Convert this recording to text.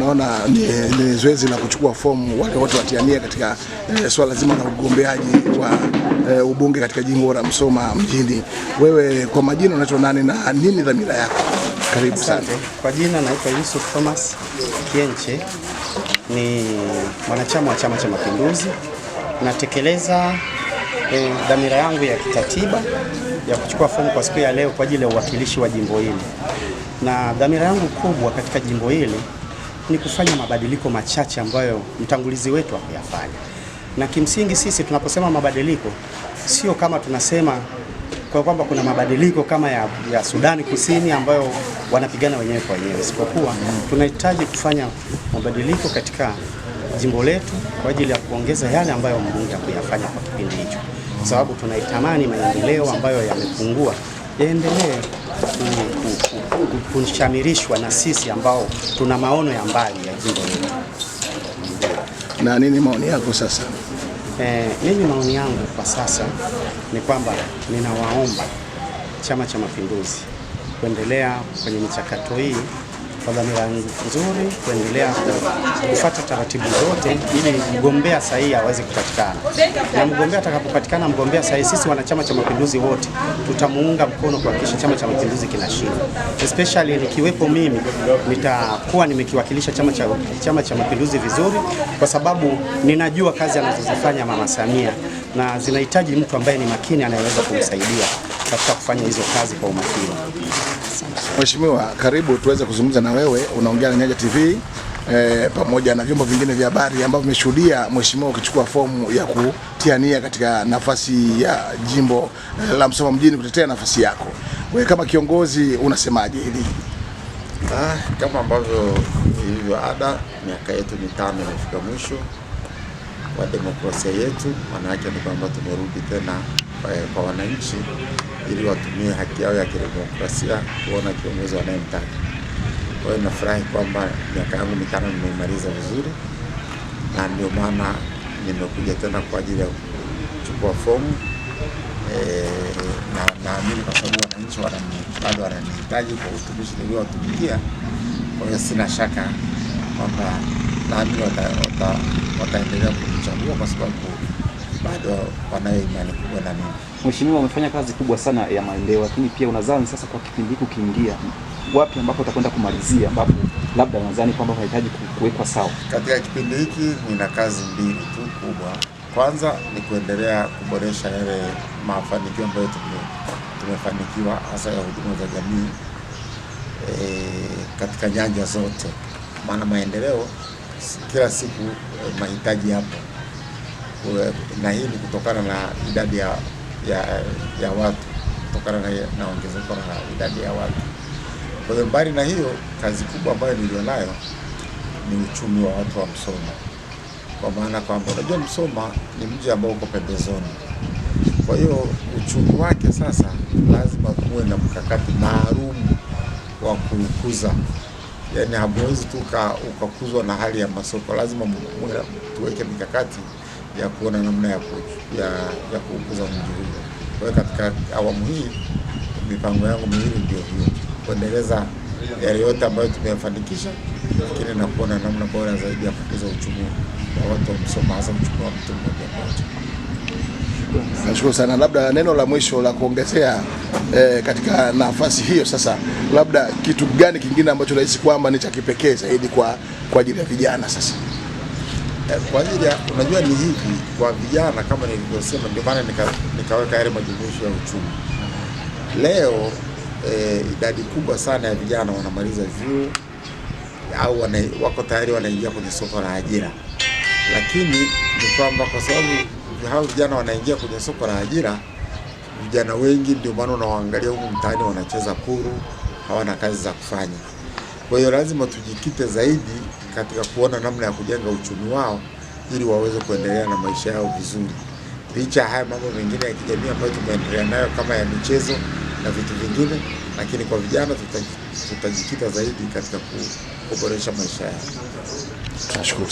unaona ni, ni zoezi la kuchukua fomu wale wote watiania katika eh, swala zima la ugombeaji wa eh, ubunge katika jimbo la Msoma mjini. Wewe kwa majina unaitwa nani na nini dhamira yako? Karibu sana. Kwa jina naitwa Yusuf Thomas Kienche, ni mwanachama wa Chama cha Mapinduzi. Natekeleza eh, dhamira yangu ya kikatiba ya kuchukua fomu kwa siku ya leo kwa ajili ya uwakilishi wa jimbo hili, na dhamira yangu kubwa katika jimbo hili ni kufanya mabadiliko machache ambayo mtangulizi wetu hakuyafanya. Na kimsingi sisi tunaposema mabadiliko sio kama tunasema kwa kwamba kuna mabadiliko kama ya, ya Sudani Kusini ambayo wanapigana wenyewe kwa wenyewe, isipokuwa tunahitaji kufanya mabadiliko katika jimbo letu kwa ajili ya kuongeza yale ambayo Mbunge hakuyafanya kwa kipindi hicho, kwa sababu tunaitamani maendeleo ambayo yamepungua yaendelee kushamirishwa na sisi ambao tuna maono ya mbali ya jimbo letu. Na nini maoni yako sasa? Eh, mimi maoni yangu kwa sasa ni kwamba ninawaomba Chama cha Mapinduzi kuendelea kwenye michakato hii kwa dhamira nzuri kuendelea kufuata taratibu zote ili mgombea sahihi aweze kupatikana, na mgombea atakapopatikana mgombea sahihi, sisi wanachama cha mapinduzi wote tutamuunga mkono kuhakikisha chama cha mapinduzi kinashinda, especially nikiwepo mimi nitakuwa nimekiwakilisha chama cha chama cha mapinduzi vizuri, kwa sababu ninajua kazi anazozifanya mama Samia na zinahitaji mtu ambaye ni makini anayeweza kumsaidia katika kufanya hizo kazi kwa umakini. Mheshimiwa, karibu tuweze kuzungumza na wewe. Unaongea na Nyanja TV eh, pamoja na vyombo vingine vya habari ambavyo vimeshuhudia mheshimiwa ukichukua fomu ya kutiania katika nafasi ya jimbo eh, la Msoma mjini kutetea nafasi yako. Wewe kama kiongozi unasemaje hili? Ah, kama ambavyo ilivyo ada, miaka yetu mitano imefika mwisho wa demokrasia yetu, maana yake ni kwamba tumerudi tena eh, kwa wananchi ili watumie haki yao ya kidemokrasia kuona kiongozi wanayemtaka. Kwa hiyo nafurahi kwamba miaka yangu mitano nimeimaliza vizuri, na ndio maana nimekuja tena kwa ajili ya kuchukua fomu e, na naamini kwa sababu wananchi bado wananihitaji kwa utumishi niliowatumikia. Kwa hiyo sina shaka kwamba nami wataendelea kunichagua kwa sababu bado wanayo imani kubwa na mimi. Mheshimiwa, umefanya kazi kubwa sana ya maendeleo, lakini pia unadhani sasa kwa kipindi hiki ukiingia, wapi ambapo utakwenda kumalizia, ambapo labda unadhani kwamba unahitaji kuwekwa sawa? Katika kipindi hiki nina kazi mbili tu kubwa. Kwanza ni kuendelea kuboresha yale mafanikio ambayo tume, tumefanikiwa hasa ya huduma za jamii e, katika nyanja zote, maana maendeleo kila siku eh, mahitaji yapo na hii ni kutokana na idadi ya, ya, ya watu kutokana na, na ongezeko la idadi ya watu. Kwa hiyo mbali na hiyo, kazi kubwa ambayo nilionayo ni uchumi wa watu wa Msoma, kwa maana kwamba unajua Msoma ni mji ambao uko pembezoni. Kwa hiyo uchumi wake sasa lazima kuwe na mkakati maalum wa kuukuza, yaani hamwezi tu ukakuzwa na hali ya masoko, lazima tuweke mikakati ya kuona namna ya, ya, ya kuukuza mji huo. Kwa hiyo katika awamu hii mipango yangu miwili ndio hiyo, kuendeleza yale yote ambayo tumeyafanikisha, lakini na kuona namna bora zaidi ya kukuza uchumi wa watu wa Musoma, hasa uchumi wa mtu mmoja mmoja. Nashukuru sana, labda neno la mwisho la kuongezea eh, katika nafasi hiyo sasa, labda kitu gani kingine ambacho nahisi kwamba ni cha kipekee zaidi kwa kwa ajili ya vijana sasa Eh, kwa ajili ya unajua, ni hivi kwa vijana kama nilivyosema, ndio maana nika, nikaweka yale majumuisho ya uchumi. Leo e, idadi kubwa sana ya vijana wanamaliza vyuo au wana, wako tayari wanaingia kwenye soko la ajira, lakini ni kwamba kwa sababu hao vijana wanaingia kwenye soko la ajira, vijana wengi ndio maana unawaangalia huko mtaani wanacheza puru, hawana kazi za kufanya. Kwa hiyo lazima tujikite zaidi katika kuona namna ya kujenga uchumi wao ili waweze kuendelea na maisha yao vizuri, licha haya mambo mengine ya kijamii ambayo tumeendelea nayo kama ya michezo na vitu vingine, lakini kwa vijana tutajikita zaidi katika kuboresha maisha yao. Tunashukuru.